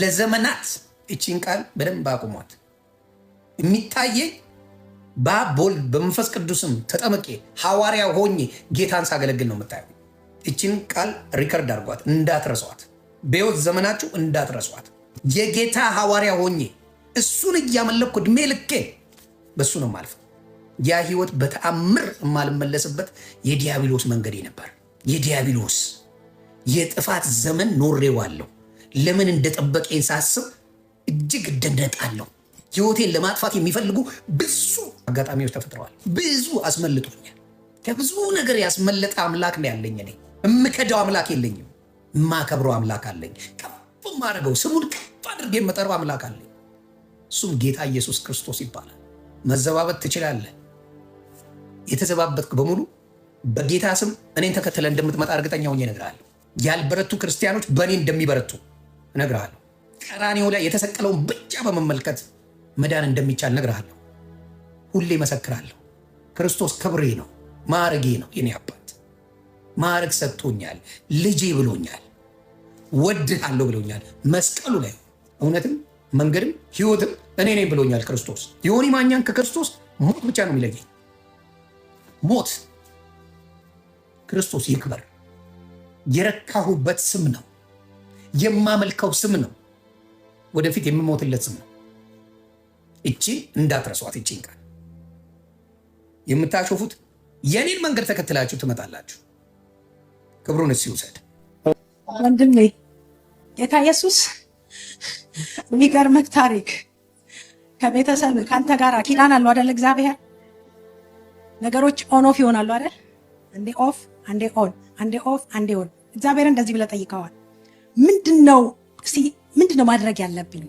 ለዘመናት እቺን ቃል በደንብ አቁሟት የሚታየኝ በአቦል በመንፈስ ቅዱስም ተጠምቄ ሐዋርያ ሆኜ ጌታን ሳገለግል ነው የምታየው። እቺን ቃል ሪከርድ አድርጓት እንዳትረሷት፣ በህይወት ዘመናችሁ እንዳትረሷት። የጌታ ሐዋርያ ሆኜ እሱን እያመለኩ እድሜ ልኬ በእሱ ነው ማልፈ ያ ህይወት በተአምር የማልመለስበት የዲያብሎስ መንገዴ ነበር። የዲያብሎስ የጥፋት ዘመን ኖሬዋለሁ። ለምን እንደጠበቀኝ ሳስብ እጅግ እደነጣለሁ። ህይወቴን ለማጥፋት የሚፈልጉ ብዙ አጋጣሚዎች ተፈጥረዋል። ብዙ አስመልጦኛል። ከብዙ ነገር ያስመለጠ አምላክ ነው ያለኝ። እኔ እምከዳው አምላክ የለኝም። የማከብረው አምላክ አለኝ። ከፍ ማድረገው ስሙን ከፍ አድርጌ የምጠራው አምላክ አለኝ። እሱም ጌታ ኢየሱስ ክርስቶስ ይባላል። መዘባበት ትችላለህ። የተዘባበትክ በሙሉ በጌታ ስም እኔን ተከትለ እንደምትመጣ እርግጠኛ ሆኜ እነግርሃለሁ። ያልበረቱ ክርስቲያኖች በእኔ እንደሚበረቱ እነግርሃለሁ። ቀራኔው ላይ የተሰቀለውን ብቻ በመመልከት መዳን እንደሚቻል እነግርሃለሁ። ሁሌ መሰክራለሁ። ክርስቶስ ክብሬ ነው፣ ማዕረጌ ነው። የኔ አባት ማዕረግ ሰጥቶኛል፣ ልጄ ብሎኛል፣ ወድሃለሁ ብሎኛል። መስቀሉ ላይ እውነትም መንገድም ህይወትም እኔ ነኝ ብሎኛል ክርስቶስ። ዮኒ ማኛን ከክርስቶስ ሞት ብቻ ነው የሚለየኝ። ሞት ክርስቶስ ይክበር የረካሁበት ስም ነው። የማመልከው ስም ነው። ወደፊት የምሞትለት ስም ነው። እቺ እንዳትረሷት እቺን ቃል የምታሾፉት የኔን መንገድ ተከትላችሁ ትመጣላችሁ። ክብሩን እስ ይውሰድ ወንድሜ። ጌታ ኢየሱስ የሚገርምህ ታሪክ ከቤተሰብ ከአንተ ጋር ኪዳን አለው አደለ? እግዚአብሔር ነገሮች ኦን ኦፍ ይሆናሉ አደል? አንዴ ኦፍ፣ አንዴ ኦን፣ አንዴ ኦፍ፣ አንዴ ኦን። እግዚአብሔር እንደዚህ ብለህ ጠይቀዋል። ምንድን ነው ማድረግ ያለብኝ?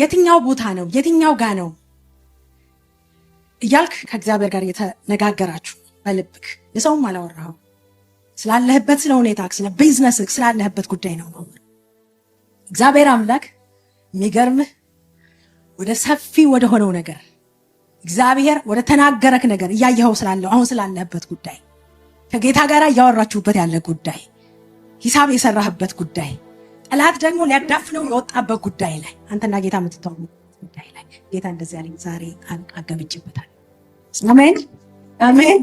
የትኛው ቦታ ነው የትኛው ጋ ነው እያልክ ከእግዚአብሔር ጋር እየተነጋገራችሁ በልብክ ለሰውም አላወራው ስላለህበት ስለ ሁኔታ ስለ ቢዝነስ ስላለህበት ጉዳይ ነው። እግዚአብሔር አምላክ የሚገርምህ ወደ ሰፊ ወደ ሆነው ነገር እግዚአብሔር ወደ ተናገረክ ነገር እያየኸው ስላለው አሁን ስላለህበት ጉዳይ ከጌታ ጋር እያወራችሁበት ያለ ጉዳይ ሂሳብ የሰራህበት ጉዳይ፣ ጠላት ደግሞ ሊያዳፍነው የወጣበት ጉዳይ ላይ አንተና ጌታ የምትተዋወቁ ጉዳይ ላይ ጌታ እንደዚህ ያለኝ ዛሬ አገብጭበታል። አሜን አሜን።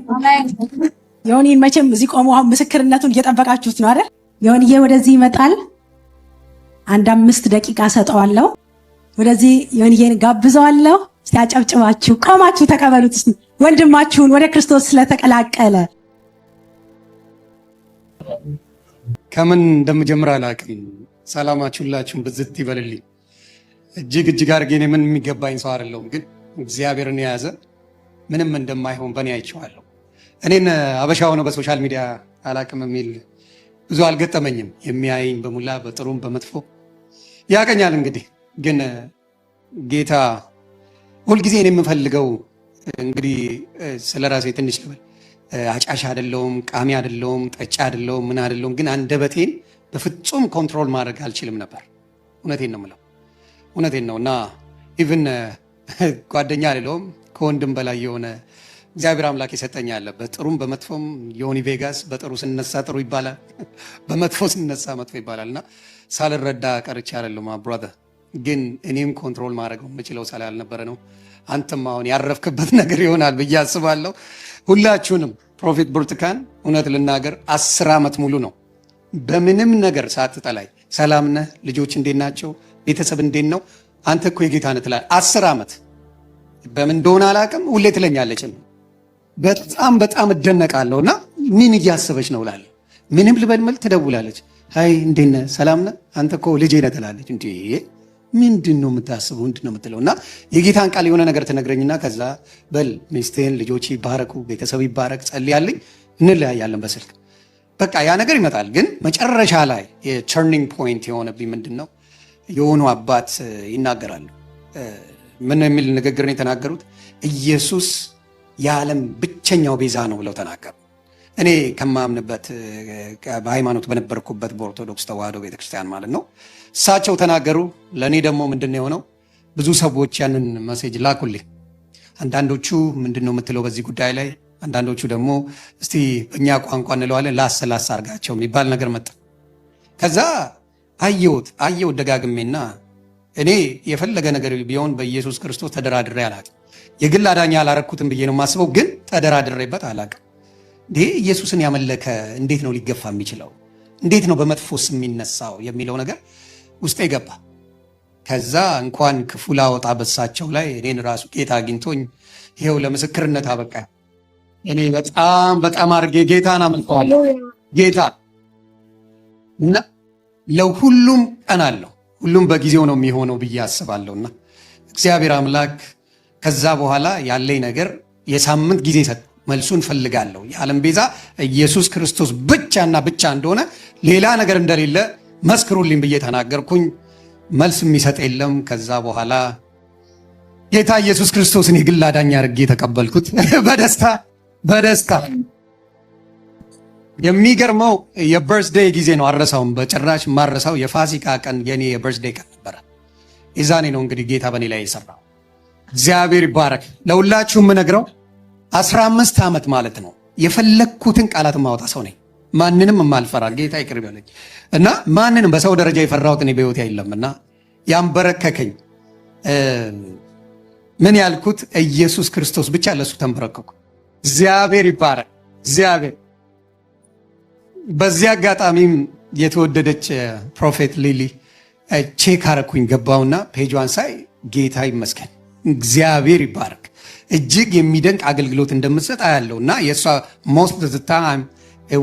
የሆኒን መቼም እዚህ ቆሞ ምስክርነቱን እየጠበቃችሁት ነው አይደል? የሆንዬ ወደዚህ ይመጣል። አንድ አምስት ደቂቃ ሰጠዋለሁ። ወደዚህ የሆንዬን ጋብዘዋለሁ። እስቲ ሲያጨብጭባችሁ ቆማችሁ ተቀበሉት። ወንድማችሁን ወደ ክርስቶስ ስለተቀላቀለ ከምን እንደምጀምር አላቅም። ሰላማችሁ ሁላችሁም ብዝት ይበልልኝ። እጅግ እጅግ አድርጌ እኔ ምን የሚገባኝ ሰው አይደለሁም፣ ግን እግዚአብሔርን የያዘ ምንም እንደማይሆን በእኔ አይቼዋለሁ። እኔን አበሻ ሆነ በሶሻል ሚዲያ አላቅም የሚል ብዙ አልገጠመኝም። የሚያይኝ በሙላ በጥሩም በመጥፎ ያቀኛል። እንግዲህ ግን ጌታ ሁልጊዜ እኔ የምፈልገው እንግዲህ ስለ ራሴ ትንሽ ልበል አጫሽ አይደለውም፣ ቃሚ አይደለውም፣ ጠጪ አይደለውም፣ ምን አይደለውም። ግን አንደበቴን በፍጹም ኮንትሮል ማድረግ አልችልም ነበር። እውነቴን ነው የምለው፣ እውነቴን ነው። እና ኢቭን ጓደኛ አይደለውም ከወንድም በላይ የሆነ እግዚአብሔር አምላክ የሰጠኝ አለ። በጥሩም በመጥፎም ዮኒ ቬጋስ በጥሩ ስነሳ ጥሩ ይባላል፣ በመጥፎ ስነሳ መጥፎ ይባላል። እና ሳልረዳ ቀርቼ አይደለም ብራዘር፣ ግን እኔም ኮንትሮል ማድረግ የምችለው ሳላ ያልነበረ ነው። አንተም አሁን ያረፍክበት ነገር ይሆናል ብዬ አስባለሁ። ሁላችሁንም ፕሮፌት ብርቱካን እውነት ልናገር አስር ዓመት ሙሉ ነው በምንም ነገር ሳትጠላኝ ሰላም ነህ፣ ልጆች እንዴት ናቸው፣ ቤተሰብ እንዴት ነው፣ አንተ እኮ የጌታ ነህ ትላለህ። አስር ዓመት በምን እንደሆነ አላውቅም፣ ሁሌ ትለኛለች። በጣም በጣም እደነቃለሁ። እና ምን እያሰበች ነው ላለ ምንም ልበልምል ትደውላለች። ሀይ እንዴት ነህ፣ ሰላም ነህ፣ አንተ እኮ ልጄ ነህ ትላለች። እንዴ ምንድን ነው የምታስበው? ምንድን ነው የምትለው? እና የጌታን ቃል የሆነ ነገር ትነግረኝና ከዛ በል ሚስቴን ልጆች ይባረኩ፣ ቤተሰብ ይባረክ፣ ጸልያለኝ፣ እንለያያለን በስልክ በቃ ያ ነገር ይመጣል። ግን መጨረሻ ላይ የተርኒንግ ፖይንት የሆነብኝ ምንድን ነው የሆኑ አባት ይናገራሉ። ምን የሚል ንግግርን የተናገሩት ኢየሱስ የዓለም ብቸኛው ቤዛ ነው ብለው ተናገሩ። እኔ ከማምንበት በሃይማኖት በነበርኩበት በኦርቶዶክስ ተዋህዶ ቤተክርስቲያን ማለት ነው እሳቸው ተናገሩ። ለእኔ ደግሞ ምንድን ነው የሆነው? ብዙ ሰዎች ያንን መሴጅ ላኩልኝ። አንዳንዶቹ ምንድን ነው የምትለው በዚህ ጉዳይ ላይ፣ አንዳንዶቹ ደግሞ እስቲ እኛ ቋንቋ እንለዋለን ላሰላሳ አርጋቸው የሚባል ነገር መጣ። ከዛ አየሁት አየሁት ደጋግሜና እኔ የፈለገ ነገር ቢሆን በኢየሱስ ክርስቶስ ተደራድሬ አላቅም። የግል አዳኛ አላረኩትም ብዬ ነው የማስበው፣ ግን ተደራድሬበት አላቅም። ኢየሱስን ያመለከ እንዴት ነው ሊገፋ የሚችለው? እንዴት ነው ስም የሚነሳው የሚለው ነገር ውስጥ የገባ ከዛ እንኳን ክፉ ላወጣ በሳቸው ላይ እኔን ራሱ ጌታ አግኝቶኝ ይኸው ለምስክርነት አበቃ። እኔ በጣም በጣም አድርጌ ጌታን አመልከዋለሁ። ጌታ እና ለሁሉም ቀን አለው፣ ሁሉም በጊዜው ነው የሚሆነው ብዬ እና እግዚአብሔር አምላክ ከዛ በኋላ ያለኝ ነገር የሳምንት ጊዜ ሰጠ። መልሱን ፈልጋለሁ። የዓለም ቤዛ ኢየሱስ ክርስቶስ ብቻና ብቻ እንደሆነ ሌላ ነገር እንደሌለ መስክሩልኝ ብዬ ተናገርኩኝ። መልስ የሚሰጥ የለም። ከዛ በኋላ ጌታ ኢየሱስ ክርስቶስን የግል አዳኝ አድርጌ የተቀበልኩት በደስታ በደስታ የሚገርመው የበርስዴይ ጊዜ ነው። አረሳውም በጭራሽ ማረሳው የፋሲካ ቀን የኔ የበርስዴይ ቀን ነበረ። የዛኔ ነው እንግዲህ ጌታ በእኔ ላይ የሰራው። እግዚአብሔር ይባረክ። ለሁላችሁም የምነግረው አስራ አምስት ዓመት ማለት ነው። የፈለግኩትን ቃላት ማወጣ ሰው ነኝ። ማንንም የማልፈራ ጌታ ይቅር ይበለኝ እና ማንንም በሰው ደረጃ የፈራሁት እኔ በሕይወቴ የለም እና ያንበረከከኝ ምን ያልኩት ኢየሱስ ክርስቶስ ብቻ ለሱ ተንበረከኩ። እግዚአብሔር ይባረክ። እግዚአብሔር በዚህ አጋጣሚም የተወደደች ፕሮፌት ሊሊ ቼክ አረኩኝ ገባውና ፔጇን ሳይ ጌታ ይመስገን። እግዚአብሔር ይባረክ። እጅግ የሚደንቅ አገልግሎት እንደምትሰጥ አያለው እና የእሷ ሞስት ዘ ታይም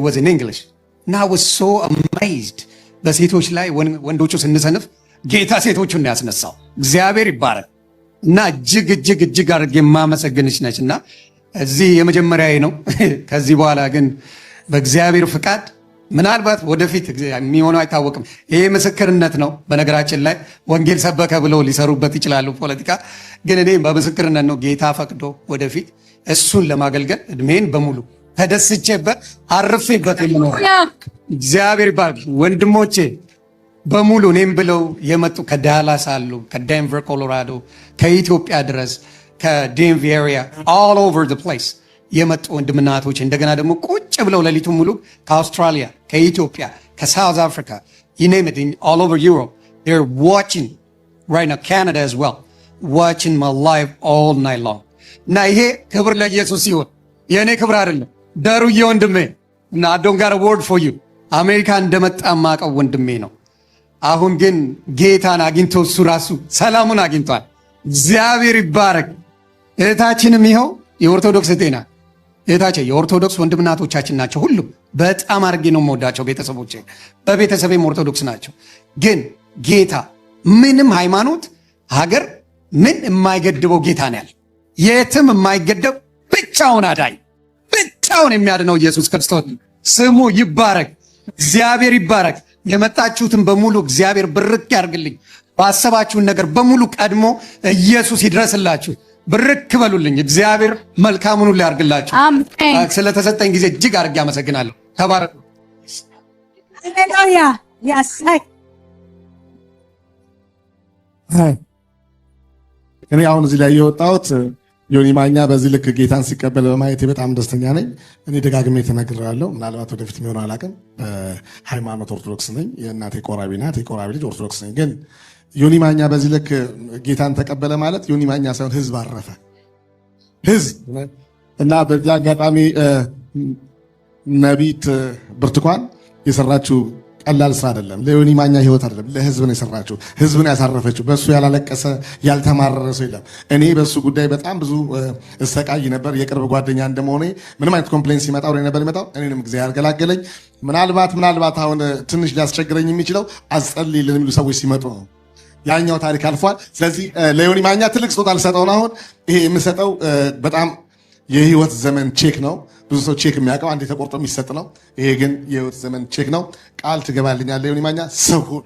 ወዝ ኢን እንግሊሽ እና ወዝ ሶ አማይዝድ በሴቶች ላይ ወንዶቹ ስንሰንፍ ጌታ ሴቶቹን ነው ያስነሳው። እግዚአብሔር ይባረክ እና እጅግ እጅግ እጅግ አድርጌ የማመሰግንሽ ነች እና እዚህ የመጀመሪያዬ ነው። ከዚህ በኋላ ግን በእግዚአብሔር ፍቃድ ምናልባት ወደፊት የሚሆነው አይታወቅም። ይሄ ምስክርነት ነው። በነገራችን ላይ ወንጌል ሰበከ ብለው ሊሰሩበት ይችላሉ ፖለቲካ። ግን እኔ በምስክርነት ነው ጌታ ፈቅዶ ወደፊት እሱን ለማገልገል እድሜን በሙሉ ተደስቼበት አርፌበት የምኖር እግዚአብሔር ይባርክ። ወንድሞቼ በሙሉ እኔም ብለው የመጡ ከዳላስ አሉ፣ ከዴንቨር ኮሎራዶ፣ ከኢትዮጵያ ድረስ ከዴንቨር ኤሪያ ኦል ኦቨር ፕሌስ የመጡ ወንድምናቶች እንደገና ደግሞ ቁጭ ብለው ሌሊቱ ሙሉ ከአውስትራሊያ፣ ከኢትዮጵያ፣ ከሳውዝ አፍሪካ ዩኔምድ ኦል ኦቨር ዩሮፕ ዋችን ራይት ናው ካናዳ አዝ ዌል ዋችን ማይ ላይቭ ኦል ናይት ሎንግ እና ይሄ ክብር ለኢየሱስ ሲሆን የእኔ ክብር አይደለም። ደሩዬ ወንድሜ እና አዶን ጋር ወርድ ፎር ዩ አሜሪካ እንደመጣ ማቀው ወንድሜ ነው። አሁን ግን ጌታን አግኝቶ እሱ ራሱ ሰላሙን አግኝቷል። እግዚአብሔር ይባረክ። እህታችንም ይኸው የኦርቶዶክስ ጤና እህታቸው የኦርቶዶክስ ወንድምናቶቻችን ናቸው። ሁሉም በጣም አድርጌ ነው የምወዳቸው። ቤተሰቦቼ በቤተሰቤም ኦርቶዶክስ ናቸው። ግን ጌታ ምንም ሃይማኖት፣ ሀገር ምን የማይገድበው ጌታ ነው ያለ የትም የማይገደብ ብቻውን አዳኝ ብቻውን የሚያድነው ኢየሱስ ክርስቶስ ስሙ ይባረክ፣ እግዚአብሔር ይባረክ። የመጣችሁትን በሙሉ እግዚአብሔር ብርክ ያርግልኝ። ባሰባችሁን ነገር በሙሉ ቀድሞ ኢየሱስ ይድረስላችሁ። ብርክ በሉልኝ። እግዚአብሔር መልካሙን ሁሉ ያርግላችሁ። ስለተሰጠኝ ጊዜ እጅግ አድርጌ አመሰግናለሁ። ተባረኩ። እኔ አሁን እዚህ ላይ የወጣሁት ዮኒ ማኛ በዚህ ልክ ጌታን ሲቀበል በማየት በጣም ደስተኛ ነኝ። እኔ ደጋግሜ ተናግሬያለሁ። ምናልባት ወደፊት የሚሆነው አላውቅም። በሃይማኖት ኦርቶዶክስ ነኝ። የእናቴ ቆራቢ ናት። የቆራቢ ልጅ ኦርቶዶክስ ነኝ። ግን ዮኒ ማኛ በዚህ ልክ ጌታን ተቀበለ ማለት ዮኒ ማኛ ሳይሆን ህዝብ አረፈ ህዝብ እና በዚህ አጋጣሚ ነቢት ብርቱካን የሰራችው ቀላል ስራ አይደለም። ለዮኒ ማኛ ህይወት አይደለም፣ ለህዝብ ነው የሰራችው፣ ህዝብ ነው ያሳረፈችው። በእሱ ያላለቀሰ ያልተማረረ ሰው የለም። እኔ በእሱ ጉዳይ በጣም ብዙ እሰቃይ ነበር። የቅርብ ጓደኛ እንደመሆኔ ምንም አይነት ኮምፕሌን ሲመጣ ወደ ነበር ይመጣው። እኔንም ጊዜ ያገላገለኝ። ምናልባት ምናልባት አሁን ትንሽ ሊያስቸግረኝ የሚችለው አጸል የሚሉ ሰዎች ሲመጡ ነው። ያኛው ታሪክ አልፏል። ስለዚህ ለዮኒ ማኛ ትልቅ ስጦታ ልሰጠውን አሁን ይሄ የምሰጠው በጣም የህይወት ዘመን ቼክ ነው። ብዙ ሰው ቼክ የሚያውቀው አንድ ተቆርጦ የሚሰጥ ነው። ይሄ ግን የህይወት ዘመን ቼክ ነው። ቃል ትገባልኛለ ሆን ማኛ ሰው ሁን።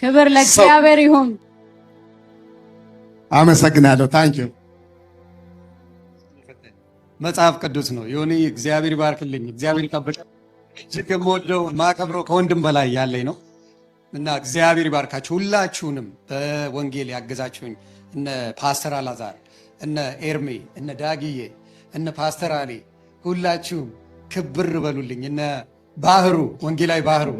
ክብር ለእግዚአብሔር ይሁን። አመሰግናለሁ። ታንኪ መጽሐፍ ቅዱስ ነው። ዮኒ እግዚአብሔር ይባርክልኝ፣ እግዚአብሔር ይጠብቅ። እጅግ የምወደው ማከብረው ከወንድም በላይ ያለኝ ነው እና እግዚአብሔር ይባርካችሁ ሁላችሁንም። በወንጌል ያገዛችሁኝ እነ ፓስተር አላዛር፣ እነ ኤርሜ፣ እነ ዳግዬ እነ ፓስተር አሊ ሁላችሁም ክብር በሉልኝ። እነ ባህሩ ወንጌላዊ ባህሩ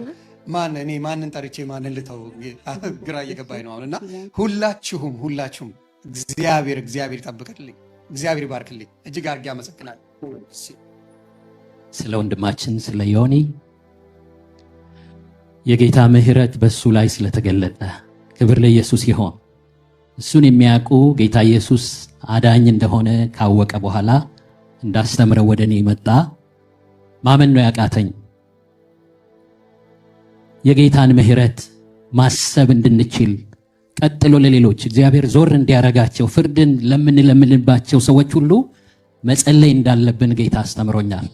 ማን እኔ ማንን ጠርቼ ማንን ልተው ግራ እየገባኝ ነው አሁን። እና ሁላችሁም ሁላችሁም እግዚአብሔር እግዚአብሔር ይጠብቅልኝ፣ እግዚአብሔር ይባርክልኝ። እጅግ አድርጌ አመሰግናል ስለ ወንድማችን ስለ ዮኒ የጌታ ምሕረት በእሱ ላይ ስለተገለጠ ክብር ለኢየሱስ ይሆን። እሱን የሚያውቁ ጌታ ኢየሱስ አዳኝ እንደሆነ ካወቀ በኋላ እንዳስተምረው ወደ እኔ መጣ። ማመን ነው ያቃተኝ። የጌታን ምሕረት ማሰብ እንድንችል ቀጥሎ ለሌሎች እግዚአብሔር ዞር እንዲያረጋቸው ፍርድን ለምንለምንባቸው ሰዎች ሁሉ መጸለይ እንዳለብን ጌታ አስተምሮኛል።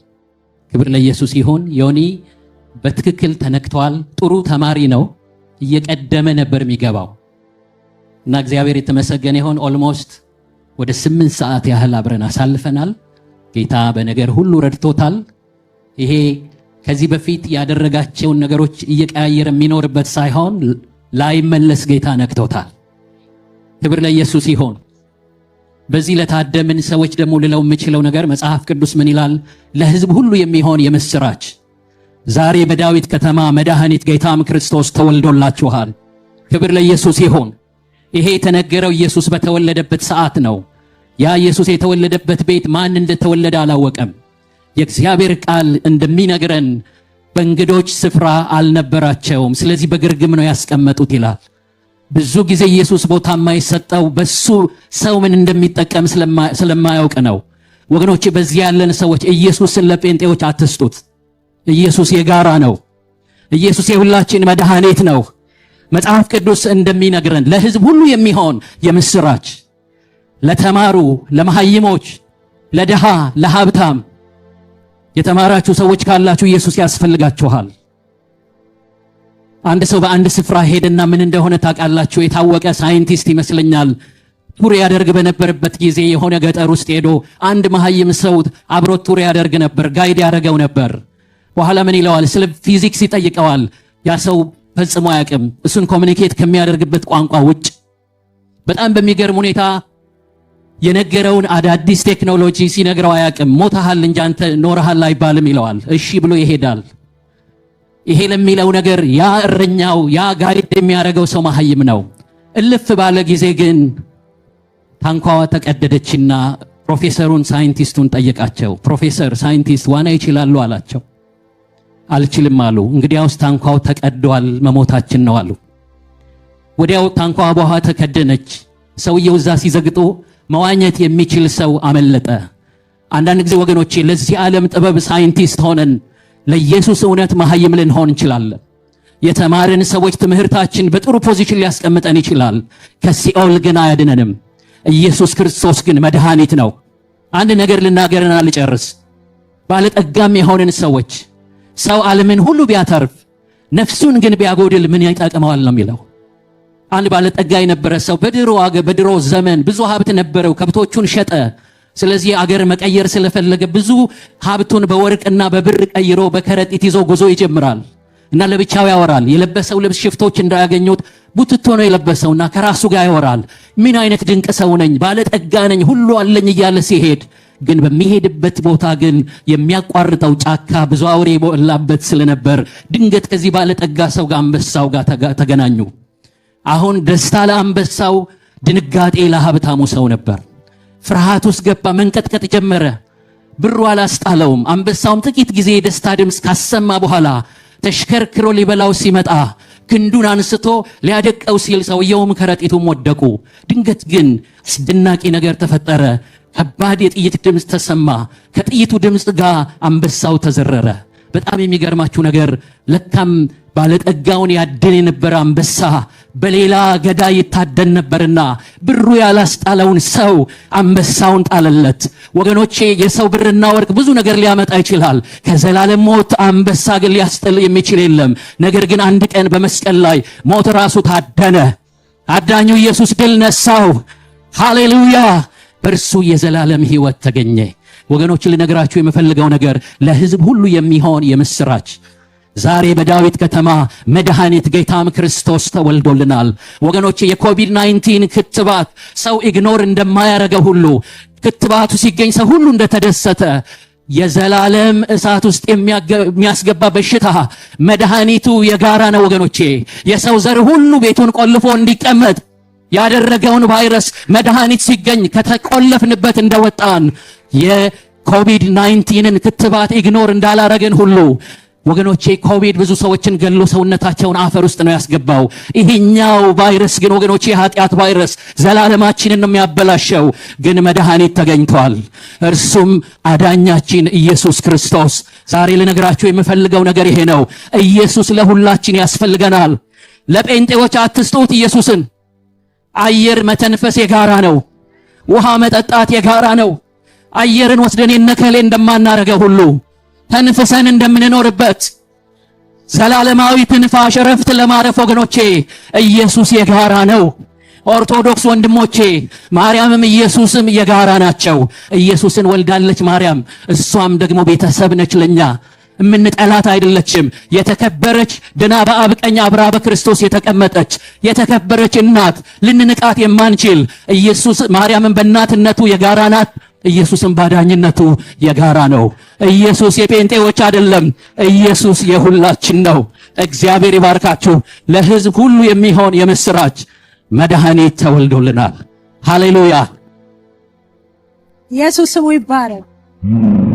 ክብር ለኢየሱስ ይሁን። ዮኒ በትክክል ተነክተዋል ጥሩ ተማሪ ነው። እየቀደመ ነበር የሚገባው እና እግዚአብሔር የተመሰገነ ይሁን። ኦልሞስት ወደ ስምንት ሰዓት ያህል አብረን አሳልፈናል። ጌታ በነገር ሁሉ ረድቶታል። ይሄ ከዚህ በፊት ያደረጋቸውን ነገሮች እየቀያየረ የሚኖርበት ሳይሆን ላይመለስ ጌታ ነክቶታል። ክብር ለኢየሱስ ይሆን። በዚህ ለታደምን ሰዎች ደግሞ ልለው የምችለው ነገር መጽሐፍ ቅዱስ ምን ይላል? ለሕዝብ ሁሉ የሚሆን የምስራች ዛሬ በዳዊት ከተማ መድኃኒት ጌታም ክርስቶስ ተወልዶላችኋል። ክብር ለኢየሱስ ይሆን። ይሄ የተነገረው ኢየሱስ በተወለደበት ሰዓት ነው። ያ ኢየሱስ የተወለደበት ቤት ማን እንደተወለደ አላወቀም። የእግዚአብሔር ቃል እንደሚነግረን በእንግዶች ስፍራ አልነበራቸውም፣ ስለዚህ በግርግም ነው ያስቀመጡት ይላል። ብዙ ጊዜ ኢየሱስ ቦታ የማይሰጠው በሱ ሰው ምን እንደሚጠቀም ስለማያውቅ ነው። ወገኖች፣ በዚህ ያለን ሰዎች ኢየሱስን ለጴንጤዎች አትስጡት። ኢየሱስ የጋራ ነው። ኢየሱስ የሁላችን መድኃኒት ነው። መጽሐፍ ቅዱስ እንደሚነግረን ለሕዝብ ሁሉ የሚሆን የምስራች ለተማሩ፣ ለመሃይሞች፣ ለድሃ፣ ለሀብታም የተማራችሁ ሰዎች ካላችሁ ኢየሱስ ያስፈልጋችኋል። አንድ ሰው በአንድ ስፍራ ሄደና ምን እንደሆነ ታውቃላችሁ? የታወቀ ሳይንቲስት ይመስለኛል ቱር ያደርግ በነበረበት ጊዜ የሆነ ገጠር ውስጥ ሄዶ አንድ መሃይም ሰው አብሮት ቱር ያደርግ ነበር፣ ጋይድ ያደረገው ነበር። በኋላ ምን ይለዋል? ስለ ፊዚክስ ይጠይቀዋል። ያ ሰው ፈጽሞ አያውቅም፣ እሱን ኮሚኒኬት ከሚያደርግበት ቋንቋ ውጭ። በጣም በሚገርም ሁኔታ የነገረውን አዳዲስ ቴክኖሎጂ ሲነግረው አያውቅም። ሞታሃል እንጂ አንተ ኖረሃል አይባልም ይለዋል። እሺ ብሎ ይሄዳል። ይሄ ለሚለው ነገር ያ እረኛው ያ ጋይድ የሚያደርገው ሰው ማሀይም ነው። እልፍ ባለ ጊዜ ግን ታንኳዋ ተቀደደችና ፕሮፌሰሩን ሳይንቲስቱን ጠየቃቸው። ፕሮፌሰር ሳይንቲስት ዋና ይችላሉ አላቸው። አልችልም አሉ። እንግዲያውስ ታንኳው ተቀዷል፣ መሞታችን ነው አሉ። ወዲያው ታንኳ በውሃ ተከደነች። ሰውየው እዛ ሲዘግጡ መዋኘት የሚችል ሰው አመለጠ። አንዳንድ ጊዜ ወገኖቼ ለዚህ ዓለም ጥበብ ሳይንቲስት ሆነን ለኢየሱስ እውነት መሐይም ልንሆን እንችላለን። የተማርን ሰዎች ትምህርታችን በጥሩ ፖዚሽን ሊያስቀምጠን ይችላል። ከሲኦል ግን አያድነንም። ኢየሱስ ክርስቶስ ግን መድኃኒት ነው። አንድ ነገር ልናገርና ልጨርስ። ባለጠጋም የሆንን ሰዎች ሰው ዓለምን ሁሉ ቢያተርፍ ነፍሱን ግን ቢያጎድል ምን ይጠቅመዋል ነው የሚለው አንድ ባለጠጋ የነበረ ሰው በድሮ በድሮ ዘመን ብዙ ሀብት ነበረው። ከብቶቹን ሸጠ። ስለዚህ አገር መቀየር ስለፈለገ ብዙ ሀብቱን በወርቅና በብር ቀይሮ በከረጢት ይዞ ጉዞ ይጀምራል እና ለብቻው ያወራል። የለበሰው ልብስ ሽፍቶች እንዳያገኙት ቡትቶ ነው የለበሰውና ከራሱ ጋር ያወራል። ምን አይነት ድንቅ ሰው ነኝ፣ ባለጠጋ ነኝ፣ ሁሉ አለኝ እያለ ሲሄድ ግን በሚሄድበት ቦታ ግን የሚያቋርጠው ጫካ ብዙ አውሬ የሞላበት ስለነበር ድንገት ከዚህ ባለጠጋ ሰው ጋር አንበሳው ጋር ተገናኙ። አሁን ደስታ ለአንበሳው፣ ድንጋጤ ለሀብታሙ ሰው ነበር። ፍርሃት ውስጥ ገባ፣ መንቀጥቀጥ ጀመረ። ብሩ አላስጣለውም። አንበሳውም ጥቂት ጊዜ የደስታ ድምፅ ካሰማ በኋላ ተሽከርክሮ ሊበላው ሲመጣ ክንዱን አንስቶ ሊያደቀው ሲል ሰውየውም ከረጢቱም ወደቁ። ድንገት ግን አስደናቂ ነገር ተፈጠረ። ከባድ የጥይት ድምፅ ተሰማ። ከጥይቱ ድምፅ ጋር አንበሳው ተዘረረ። በጣም የሚገርማችሁ ነገር ለካም ባለጠጋውን ያድን የነበረ አንበሳ በሌላ ገዳይ ይታደን ነበርና ብሩ ያላስጣለውን ሰው አንበሳውን ጣለለት። ወገኖቼ የሰው ብርና ወርቅ ብዙ ነገር ሊያመጣ ይችላል። ከዘላለም ሞት አንበሳ ግን ሊያስጥል የሚችል የለም። ነገር ግን አንድ ቀን በመስቀል ላይ ሞት ራሱ ታደነ። አዳኙ ኢየሱስ ድል ነሳው። ሃሌሉያ! በእርሱ የዘላለም ሕይወት ተገኘ። ወገኖች ልነግራችሁ የምፈልገው ነገር ለሕዝብ ሁሉ የሚሆን የምስራች ዛሬ በዳዊት ከተማ መድኃኒት ጌታም ክርስቶስ ተወልዶልናል። ወገኖች የኮቪድ 19 ክትባት ሰው ኢግኖር እንደማያደርገው ሁሉ ክትባቱ ሲገኝ ሰው ሁሉ እንደተደሰተ የዘላለም እሳት ውስጥ የሚያስገባ በሽታ መድኃኒቱ የጋራ ነው። ወገኖቼ የሰው ዘር ሁሉ ቤቱን ቆልፎ እንዲቀመጥ ያደረገውን ቫይረስ መድኃኒት ሲገኝ ከተቆለፍንበት እንደወጣን የኮቪድ 19ን ክትባት ኢግኖር እንዳላረግን ሁሉ ወገኖቼ ኮቪድ ብዙ ሰዎችን ገሎ ሰውነታቸውን አፈር ውስጥ ነው ያስገባው። ይሄኛው ቫይረስ ግን ወገኖቼ የኃጢአት ቫይረስ ዘላለማችንን ነው የሚያበላሸው። ግን መድኃኒት ተገኝቷል። እርሱም አዳኛችን ኢየሱስ ክርስቶስ። ዛሬ ልነግራችሁ የምፈልገው ነገር ይሄ ነው። ኢየሱስ ለሁላችን ያስፈልገናል። ለጴንጤዎች አትስጡት ኢየሱስን። አየር መተንፈስ የጋራ ነው። ውሃ መጠጣት የጋራ ነው። አየርን ወስደን የነከሌ እንደማናረገ ሁሉ ተንፍሰን እንደምንኖርበት ዘላለማዊ ትንፋሽ ረፍት ለማረፍ ወገኖቼ ኢየሱስ የጋራ ነው። ኦርቶዶክስ ወንድሞቼ ማርያምም ኢየሱስም የጋራ ናቸው። ኢየሱስን ወልዳለች ማርያም፣ እሷም ደግሞ ቤተሰብ ነች ለኛ የምንጠላት አይደለችም። የተከበረች ድና በአብ ቀኝ አብራ በክርስቶስ የተቀመጠች የተከበረች እናት ልንንቃት የማንችል ኢየሱስ ማርያምን በእናትነቱ የጋራ ናት። ኢየሱስን ባዳኝነቱ የጋራ ነው። ኢየሱስ የጴንጤዎች አይደለም። ኢየሱስ የሁላችን ነው። እግዚአብሔር ይባርካችሁ። ለሕዝብ ሁሉ የሚሆን የምስራች መድኃኒት ተወልዶልናል። ሃሌሉያ! ኢየሱስ ስሙ ይባረክ።